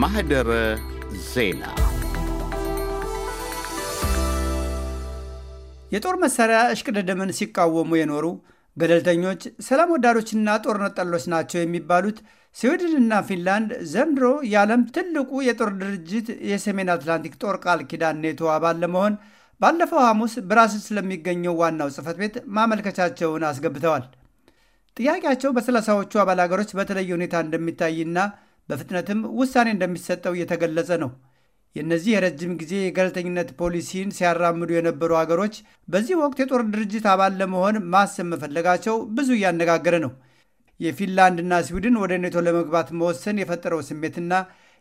ማህደረ ዜና የጦር መሳሪያ እሽቅድድምን ሲቃወሙ የኖሩ ገለልተኞች ሰላም ወዳዶችና ጦርነት ጠሎች ናቸው የሚባሉት ስዊድንና ፊንላንድ ዘንድሮ የዓለም ትልቁ የጦር ድርጅት የሰሜን አትላንቲክ ጦር ቃል ኪዳን ኔቶ አባል ለመሆን ባለፈው ሐሙስ ብራስል ስለሚገኘው ዋናው ጽህፈት ቤት ማመልከቻቸውን አስገብተዋል። ጥያቄያቸው በሰላሳዎቹ አባል አገሮች በተለየ ሁኔታ እንደሚታይና በፍጥነትም ውሳኔ እንደሚሰጠው እየተገለጸ ነው። የእነዚህ የረጅም ጊዜ የገለልተኝነት ፖሊሲን ሲያራምዱ የነበሩ አገሮች በዚህ ወቅት የጦር ድርጅት አባል ለመሆን ማሰብ መፈለጋቸው ብዙ እያነጋገረ ነው። የፊንላንድና ስዊድን ወደ ኔቶ ለመግባት መወሰን የፈጠረው ስሜትና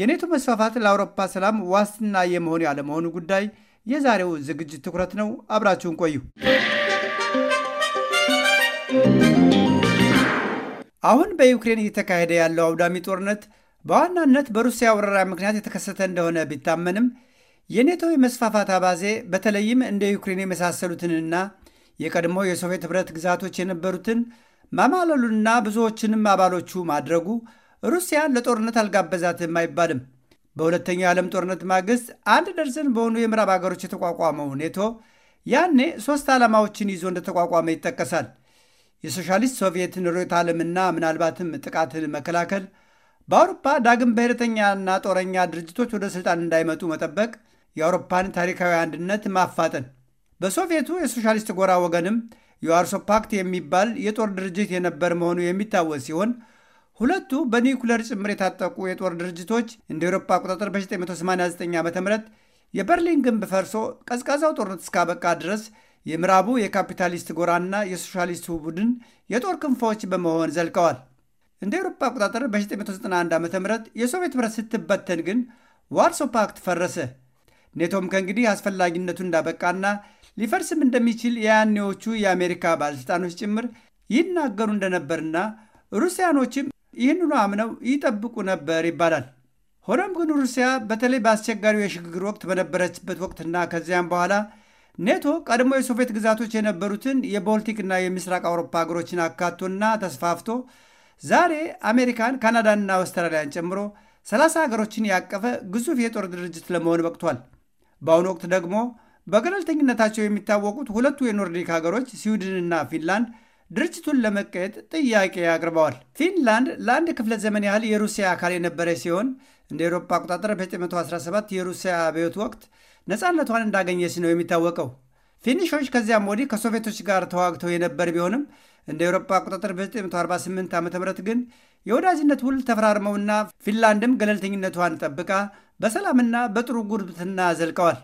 የኔቶ መስፋፋት ለአውሮፓ ሰላም ዋስትና የመሆን ያለመሆኑ ጉዳይ የዛሬው ዝግጅት ትኩረት ነው። አብራችሁን ቆዩ። አሁን በዩክሬን እየተካሄደ ያለው አውዳሚ ጦርነት በዋናነት በሩሲያ ወረራ ምክንያት የተከሰተ እንደሆነ ቢታመንም የኔቶ የመስፋፋት አባዜ በተለይም እንደ ዩክሬን የመሳሰሉትንና የቀድሞ የሶቪየት ኅብረት ግዛቶች የነበሩትን ማማለሉና ብዙዎችንም አባሎቹ ማድረጉ ሩሲያ ለጦርነት አልጋበዛትም አይባልም። በሁለተኛው የዓለም ጦርነት ማግስት አንድ ደርዘን በሆኑ የምዕራብ አገሮች የተቋቋመው ኔቶ ያኔ ሦስት ዓላማዎችን ይዞ እንደተቋቋመ ይጠቀሳል። የሶሻሊስት ሶቪየትን ርዕዮተ ዓለምና ምናልባትም ጥቃትን መከላከል በአውሮፓ ዳግም ብሔርተኛና ጦረኛ ድርጅቶች ወደ ስልጣን እንዳይመጡ መጠበቅ፣ የአውሮፓን ታሪካዊ አንድነት ማፋጠን። በሶቪየቱ የሶሻሊስት ጎራ ወገንም የዋርሶ ፓክት የሚባል የጦር ድርጅት የነበር መሆኑ የሚታወስ ሲሆን ሁለቱ በኒውክለር ጭምር የታጠቁ የጦር ድርጅቶች እንደ ኤሮፓ አቆጣጠር በ1989 ዓ ም የበርሊን ግንብ ፈርሶ ቀዝቃዛው ጦርነት እስካበቃ ድረስ የምዕራቡ የካፒታሊስት ጎራና የሶሻሊስቱ ቡድን የጦር ክንፎች በመሆን ዘልቀዋል። እንደ ኤሮፓ አቆጣጠር በ ዓ ም የሶቪየት ኅብረት ስትበተን ግን ዋርሶ ፓክት ፈረሰ። ኔቶም ከእንግዲህ አስፈላጊነቱ እንዳበቃና ሊፈርስም እንደሚችል የያኔዎቹ የአሜሪካ ባለሥልጣኖች ጭምር ይናገሩ እንደነበርና ሩሲያኖችም ይህንኑ አምነው ይጠብቁ ነበር ይባላል። ሆኖም ግን ሩሲያ በተለይ በአስቸጋሪው የሽግግር ወቅት በነበረችበት ወቅትና ከዚያም በኋላ ኔቶ ቀድሞ የሶቪየት ግዛቶች የነበሩትን የቦልቲክና የምስራቅ አውሮፓ ሀገሮችን አካቶና ተስፋፍቶ ዛሬ አሜሪካን ካናዳንና አውስትራሊያን ጨምሮ 30 ሀገሮችን ያቀፈ ግዙፍ የጦር ድርጅት ለመሆን በቅቷል። በአሁኑ ወቅት ደግሞ በገለልተኝነታቸው የሚታወቁት ሁለቱ የኖርዲክ ሀገሮች ስዊድንና ፊንላንድ ድርጅቱን ለመቀየጥ ጥያቄ አቅርበዋል። ፊንላንድ ለአንድ ክፍለ ዘመን ያህል የሩሲያ አካል የነበረች ሲሆን እንደ ኤሮፓ አቆጣጠር በ917 የሩሲያ አብዮት ወቅት ነፃነቷን እንዳገኘች ነው የሚታወቀው። ፊኒሾች ከዚያም ወዲህ ከሶቪየቶች ጋር ተዋግተው የነበር ቢሆንም እንደ ኤውሮፓ አቆጣጠር በ948 ዓ ም ግን የወዳጅነት ውል ተፈራርመውና ፊንላንድም ገለልተኝነቷን ጠብቃ በሰላምና በጥሩ ጉርብትና ዘልቀዋል።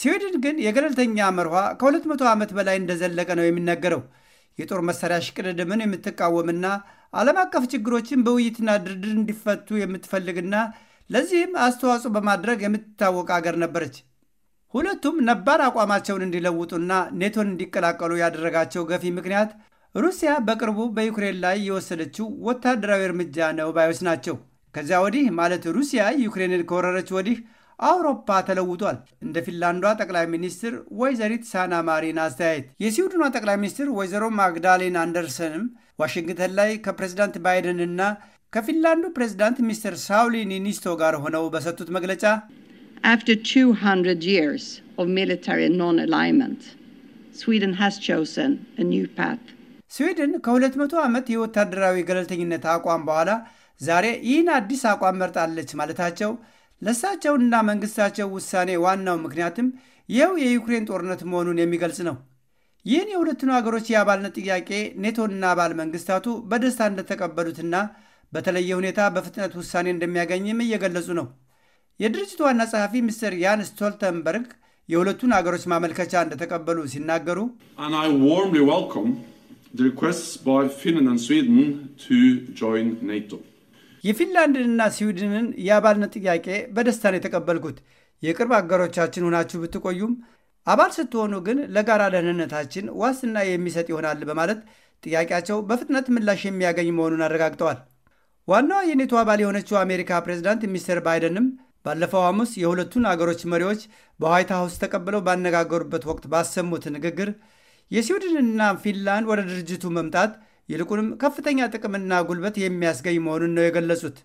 ስዊድን ግን የገለልተኛ መርኋ ከ200 ዓመት በላይ እንደዘለቀ ነው የሚነገረው። የጦር መሳሪያ ሽቅድድምን የምትቃወምና ዓለም አቀፍ ችግሮችን በውይይትና ድርድር እንዲፈቱ የምትፈልግና ለዚህም አስተዋጽኦ በማድረግ የምትታወቅ አገር ነበረች። ሁለቱም ነባር አቋማቸውን እንዲለውጡና ኔቶን እንዲቀላቀሉ ያደረጋቸው ገፊ ምክንያት ሩሲያ በቅርቡ በዩክሬን ላይ የወሰደችው ወታደራዊ እርምጃ ነው ባዮች ናቸው። ከዚያ ወዲህ ማለት ሩሲያ ዩክሬንን ከወረረች ወዲህ አውሮፓ ተለውጧል። እንደ ፊንላንዷ ጠቅላይ ሚኒስትር ወይዘሪት ሳና ማሪን አስተያየት የስዊድኗ ጠቅላይ ሚኒስትር ወይዘሮ ማግዳሌን አንደርሰንም ዋሽንግተን ላይ ከፕሬዚዳንት ባይደን እና ከፊንላንዱ ፕሬዚዳንት ሚስተር ሳውሊ ኒኒስቶ ጋር ሆነው በሰጡት መግለጫ After 200 years of military non-alignment, Sweden has chosen a new path. ስዊድን ከ200 ዓመት የወታደራዊ ገለልተኝነት አቋም በኋላ ዛሬ ይህን አዲስ አቋም መርጣለች ማለታቸው ለእሳቸውና መንግስታቸው ውሳኔ ዋናው ምክንያትም ይኸው የዩክሬን ጦርነት መሆኑን የሚገልጽ ነው። ይህን የሁለቱን አገሮች የአባልነት ጥያቄ ኔቶና አባል መንግስታቱ በደስታ እንደተቀበሉትና በተለየ ሁኔታ በፍጥነት ውሳኔ እንደሚያገኝም እየገለጹ ነው። የድርጅቱ ዋና ጸሐፊ ሚስተር ያን ስቶልተንበርግ የሁለቱን አገሮች ማመልከቻ እንደተቀበሉ ሲናገሩ the requests by Finland and Sweden to join NATO. የፊንላንድንና ስዊድንን የአባልነት ጥያቄ በደስታ ነው የተቀበልኩት። የቅርብ አገሮቻችን ሆናችሁ ብትቆዩም አባል ስትሆኑ ግን ለጋራ ደህንነታችን ዋስትና የሚሰጥ ይሆናል በማለት ጥያቄያቸው በፍጥነት ምላሽ የሚያገኝ መሆኑን አረጋግጠዋል። ዋናዋ የኔቶ አባል የሆነችው አሜሪካ ፕሬዚዳንት ሚስተር ባይደንም ባለፈው ሐሙስ የሁለቱን አገሮች መሪዎች በዋይት ሀውስ ተቀብለው ባነጋገሩበት ወቅት ባሰሙት ንግግር የስዊድንና ፊንላንድ ወደ ድርጅቱ መምጣት ይልቁንም ከፍተኛ ጥቅምና ጉልበት የሚያስገኝ መሆኑን ነው የገለጹት።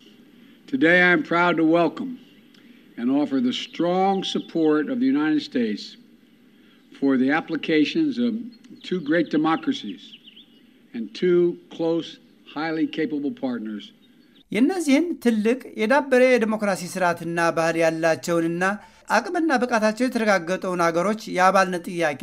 የእነዚህን ትልቅ የዳበረ የዲሞክራሲ ስርዓትና ባህል ያላቸውንና አቅምና ብቃታቸው የተረጋገጠውን አገሮች የአባልነት ጥያቄ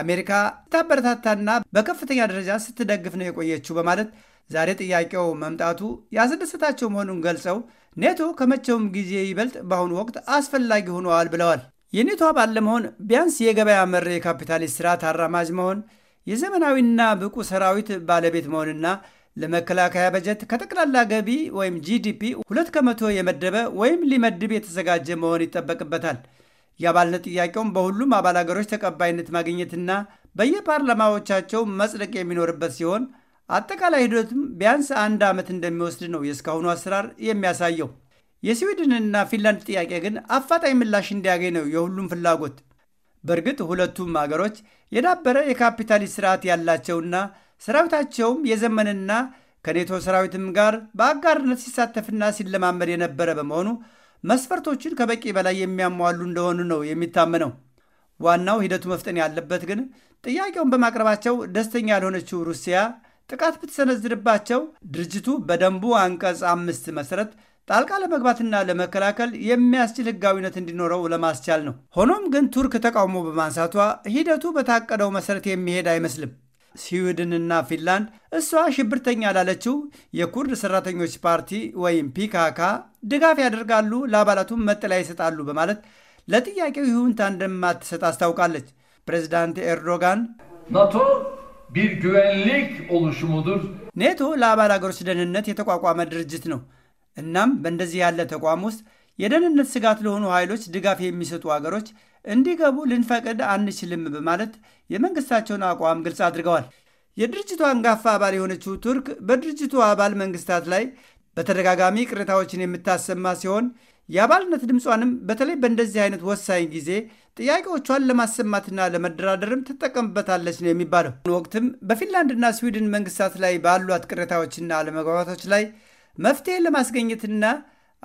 አሜሪካ ታበረታታና በከፍተኛ ደረጃ ስትደግፍ ነው የቆየችው በማለት ዛሬ ጥያቄው መምጣቱ ያስደሰታቸው መሆኑን ገልጸው ኔቶ ከመቼውም ጊዜ ይበልጥ በአሁኑ ወቅት አስፈላጊ ሆነዋል ብለዋል። የኔቶ አባል ለመሆን ቢያንስ የገበያ መር የካፒታሊስት ስርዓት አራማጅ መሆን፣ የዘመናዊና ብቁ ሰራዊት ባለቤት መሆንና ለመከላከያ በጀት ከጠቅላላ ገቢ ወይም ጂዲፒ ሁለት ከመቶ የመደበ ወይም ሊመድብ የተዘጋጀ መሆን ይጠበቅበታል። የአባልነት ጥያቄውም በሁሉም አባል አገሮች ተቀባይነት ማግኘትና በየፓርላማዎቻቸው መጽደቅ የሚኖርበት ሲሆን አጠቃላይ ሂደቱም ቢያንስ አንድ ዓመት እንደሚወስድ ነው የእስካሁኑ አሰራር የሚያሳየው። የስዊድንና ፊንላንድ ጥያቄ ግን አፋጣኝ ምላሽ እንዲያገኝ ነው የሁሉም ፍላጎት። በእርግጥ ሁለቱም አገሮች የዳበረ የካፒታሊስት ስርዓት ያላቸውና ሰራዊታቸውም የዘመንና ከኔቶ ሰራዊትም ጋር በአጋርነት ሲሳተፍና ሲለማመድ የነበረ በመሆኑ መስፈርቶችን ከበቂ በላይ የሚያሟሉ እንደሆኑ ነው የሚታመነው። ዋናው ሂደቱ መፍጠን ያለበት ግን ጥያቄውን በማቅረባቸው ደስተኛ ያልሆነችው ሩሲያ ጥቃት ብትሰነዝርባቸው ድርጅቱ በደንቡ አንቀጽ አምስት መሰረት ጣልቃ ለመግባትና ለመከላከል የሚያስችል ህጋዊነት እንዲኖረው ለማስቻል ነው። ሆኖም ግን ቱርክ ተቃውሞ በማንሳቷ ሂደቱ በታቀደው መሰረት የሚሄድ አይመስልም። ስዊድንና ፊንላንድ እሷ ሽብርተኛ ላለችው የኩርድ ሰራተኞች ፓርቲ ወይም ፒካካ ድጋፍ ያደርጋሉ፣ ለአባላቱም መጠለያ ይሰጣሉ በማለት ለጥያቄው ይሁንታ እንደማትሰጥ አስታውቃለች። ፕሬዚዳንት ኤርዶጋን ናቶ ቢር ጉቨንሊክ ኔቶ ለአባል አገሮች ደህንነት የተቋቋመ ድርጅት ነው። እናም በእንደዚህ ያለ ተቋም ውስጥ የደህንነት ስጋት ለሆኑ ኃይሎች ድጋፍ የሚሰጡ አገሮች እንዲገቡ ልንፈቅድ አንችልም በማለት የመንግስታቸውን አቋም ግልጽ አድርገዋል። የድርጅቱ አንጋፋ አባል የሆነችው ቱርክ በድርጅቱ አባል መንግስታት ላይ በተደጋጋሚ ቅሬታዎችን የምታሰማ ሲሆን የአባልነት ድምጿንም በተለይ በእንደዚህ አይነት ወሳኝ ጊዜ ጥያቄዎቿን ለማሰማትና ለመደራደርም ትጠቀምበታለች ነው የሚባለው። ወቅትም በፊንላንድና ስዊድን መንግስታት ላይ ባሏት ቅሬታዎችና አለመግባባቶች ላይ መፍትሄ ለማስገኘትና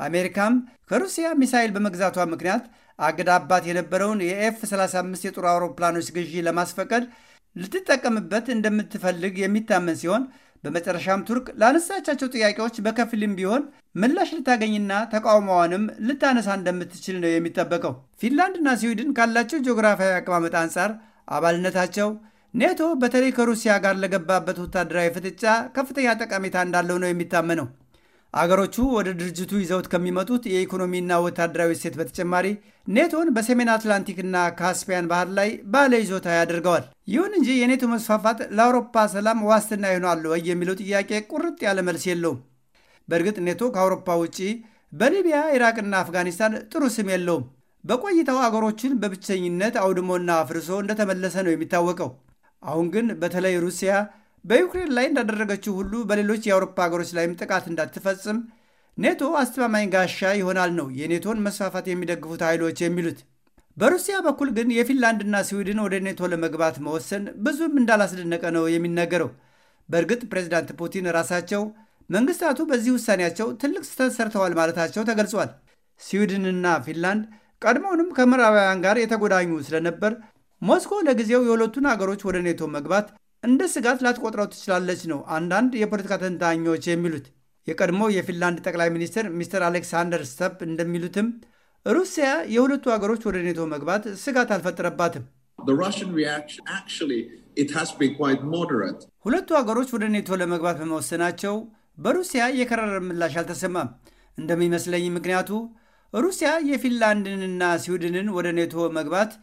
አሜሪካም ከሩሲያ ሚሳይል በመግዛቷ ምክንያት አግዳባት የነበረውን የኤፍ 35 የጦር አውሮፕላኖች ግዢ ለማስፈቀድ ልትጠቀምበት እንደምትፈልግ የሚታመን ሲሆን በመጨረሻም ቱርክ ላነሳቻቸው ጥያቄዎች በከፊልም ቢሆን ምላሽ ልታገኝና ተቃውሞዋንም ልታነሳ እንደምትችል ነው የሚጠበቀው። ፊንላንድና ስዊድን ካላቸው ጂኦግራፊያዊ አቀማመጥ አንጻር አባልነታቸው ኔቶ በተለይ ከሩሲያ ጋር ለገባበት ወታደራዊ ፍጥጫ ከፍተኛ ጠቀሜታ እንዳለው ነው የሚታመነው። አገሮቹ ወደ ድርጅቱ ይዘውት ከሚመጡት የኢኮኖሚና ወታደራዊ እሴት በተጨማሪ ኔቶን በሰሜን አትላንቲክና ካስፒያን ባህር ላይ ባለ ይዞታ ያደርገዋል። ይሁን እንጂ የኔቶ መስፋፋት ለአውሮፓ ሰላም ዋስትና ይሆናሉ ወይ የሚለው ጥያቄ ቁርጥ ያለ መልስ የለውም። በእርግጥ ኔቶ ከአውሮፓ ውጪ በሊቢያ ኢራቅና አፍጋኒስታን ጥሩ ስም የለውም። በቆይታው አገሮችን በብቸኝነት አውድሞና አፍርሶ እንደተመለሰ ነው የሚታወቀው። አሁን ግን በተለይ ሩሲያ በዩክሬን ላይ እንዳደረገችው ሁሉ በሌሎች የአውሮፓ ሀገሮች ላይም ጥቃት እንዳትፈጽም ኔቶ አስተማማኝ ጋሻ ይሆናል ነው የኔቶን መስፋፋት የሚደግፉት ኃይሎች የሚሉት። በሩሲያ በኩል ግን የፊንላንድና ስዊድን ወደ ኔቶ ለመግባት መወሰን ብዙም እንዳላስደነቀ ነው የሚነገረው። በእርግጥ ፕሬዚዳንት ፑቲን ራሳቸው መንግስታቱ በዚህ ውሳኔያቸው ትልቅ ስህተት ሰርተዋል ማለታቸው ተገልጿል። ስዊድንና ፊንላንድ ቀድሞውንም ከምዕራባውያን ጋር የተጎዳኙ ስለነበር ሞስኮ ለጊዜው የሁለቱን አገሮች ወደ ኔቶ መግባት እንደ ስጋት ላትቆጥረው ትችላለች ነው አንዳንድ የፖለቲካ ተንታኞች የሚሉት። የቀድሞ የፊንላንድ ጠቅላይ ሚኒስትር ሚስተር አሌክሳንደር ስተፕ እንደሚሉትም ሩሲያ የሁለቱ ሀገሮች ወደ ኔቶ መግባት ስጋት አልፈጠረባትም። ሁለቱ ሀገሮች ወደ ኔቶ ለመግባት በመወሰናቸው በሩሲያ የከረረ ምላሽ አልተሰማም እንደሚመስለኝ። ምክንያቱ ሩሲያ የፊንላንድንና ስዊድንን ወደ ኔቶ መግባት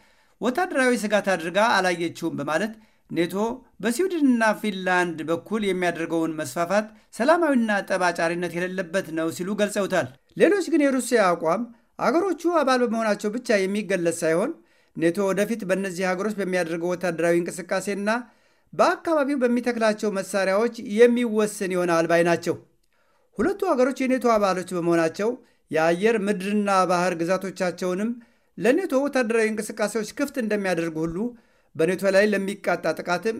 ወታደራዊ ስጋት አድርጋ አላየችውም በማለት ኔቶ በስዊድንና ፊንላንድ በኩል የሚያደርገውን መስፋፋት ሰላማዊና ጠባጫሪነት የሌለበት ነው ሲሉ ገልጸውታል። ሌሎች ግን የሩሲያ አቋም አገሮቹ አባል በመሆናቸው ብቻ የሚገለጽ ሳይሆን ኔቶ ወደፊት በእነዚህ ሀገሮች በሚያደርገው ወታደራዊ እንቅስቃሴና በአካባቢው በሚተክላቸው መሳሪያዎች የሚወሰን ይሆናል ባይ ናቸው። ሁለቱ ሀገሮች የኔቶ አባሎች በመሆናቸው የአየር ምድርና ባህር ግዛቶቻቸውንም ለኔቶ ወታደራዊ እንቅስቃሴዎች ክፍት እንደሚያደርጉ ሁሉ በኔቶ ላይ ለሚቃጣ ጥቃትም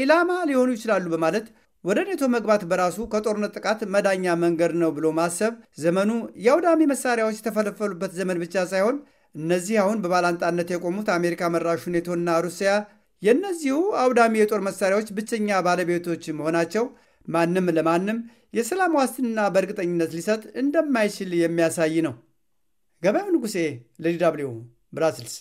ኢላማ ሊሆኑ ይችላሉ በማለት ወደ ኔቶ መግባት በራሱ ከጦርነት ጥቃት መዳኛ መንገድ ነው ብሎ ማሰብ ዘመኑ የአውዳሚ መሳሪያዎች የተፈለፈሉበት ዘመን ብቻ ሳይሆን እነዚህ አሁን በባላንጣነት የቆሙት አሜሪካ መራሹ ኔቶና ሩሲያ የእነዚሁ አውዳሚ የጦር መሳሪያዎች ብቸኛ ባለቤቶች መሆናቸው ማንም ለማንም የሰላም ዋስትና በእርግጠኝነት ሊሰጥ እንደማይችል የሚያሳይ ነው። ገበያው ንጉሴ ለዲ ደብልዩ ብራስልስ